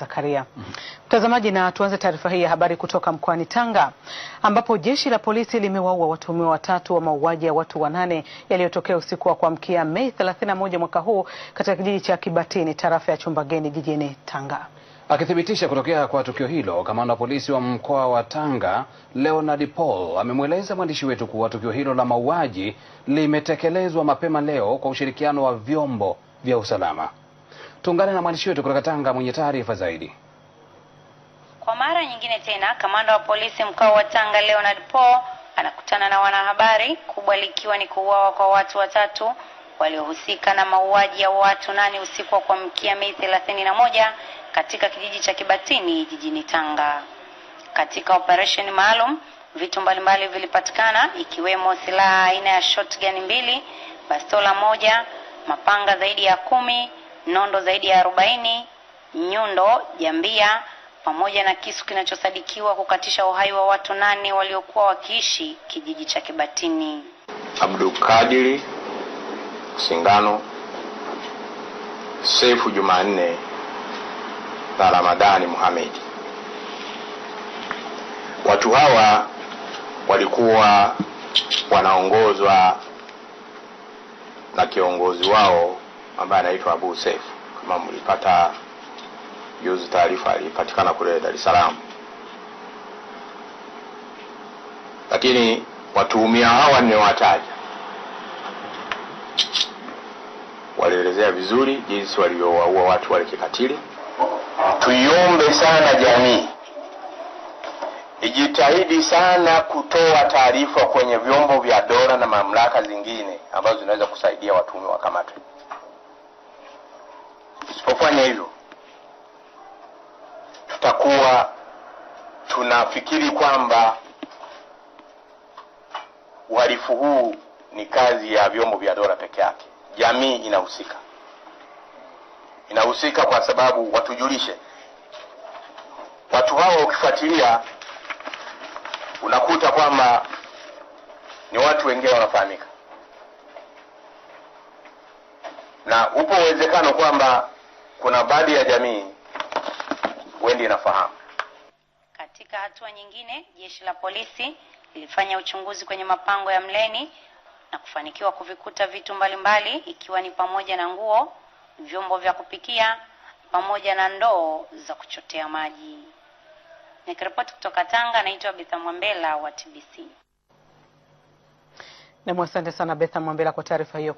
Zakaria. Mtazamaji, na tuanze taarifa hii ya habari kutoka mkoani Tanga ambapo jeshi la polisi limewaua watuhumiwa watatu wa mauaji ya watu wanane yaliyotokea usiku wa kuamkia Mei 31 mwaka huu katika kijiji cha Kibatini tarafa ya Chumbageni jijini Tanga. Akithibitisha kutokea kwa tukio hilo, kamanda wa polisi wa mkoa wa Tanga Leonard Paul amemweleza mwandishi wetu kuwa tukio hilo la mauaji limetekelezwa mapema leo kwa ushirikiano wa vyombo vya usalama. Tuungane na mwandishi wetu kutoka Tanga mwenye taarifa zaidi. Kwa mara nyingine tena, kamanda wa polisi mkoa wa Tanga Leonard Paul anakutana na wanahabari, kubwa likiwa ni kuuawa kwa watu watatu waliohusika na mauaji ya watu nane usiku wa kuamkia Mei thelathini na moja katika kijiji cha Kibatini jijini Tanga. Katika operesheni maalum, vitu mbalimbali vilipatikana ikiwemo silaha aina ya shotgun mbili, bastola moja, mapanga zaidi ya kumi nondo zaidi ya arobaini, nyundo, jambia pamoja na kisu kinachosadikiwa kukatisha uhai wa watu nane waliokuwa wakiishi kijiji cha Kibatini. Abdulkadiri Singano, Sefu Jumanne na Ramadhani Muhamedi. Watu hawa walikuwa wanaongozwa na kiongozi wao ambaye anaitwa Abu Saif. kama mlipata juzi taarifa, alipatikana kule Dar es Salaam. Lakini watuhumia hawa wataja walielezea vizuri jinsi walivyowaua watu wale kikatili. Tuiombe sana jamii ijitahidi sana kutoa taarifa kwenye vyombo vya dola na mamlaka zingine ambazo zinaweza kusaidia watuhumiwa wakamatwe. Tusipofanya hivyo, tutakuwa tunafikiri kwamba uhalifu huu ni kazi ya vyombo vya dola peke yake. Jamii inahusika, inahusika kwa sababu watujulishe watu hao. Ukifuatilia unakuta kwamba ni watu wengine wanafahamika, na upo uwezekano kwamba kuna baadhi ya jamii wendi inafahamu. Katika hatua nyingine, jeshi la polisi lilifanya uchunguzi kwenye mapango ya Mleni na kufanikiwa kuvikuta vitu mbalimbali mbali, ikiwa ni pamoja na nguo, vyombo vya kupikia pamoja na ndoo za kuchotea maji. Nikiripoti kutoka Tanga, naitwa bitha Mwambela wa TBC. Nam, asante sana Betha Mwambela kwa taarifa hiyo.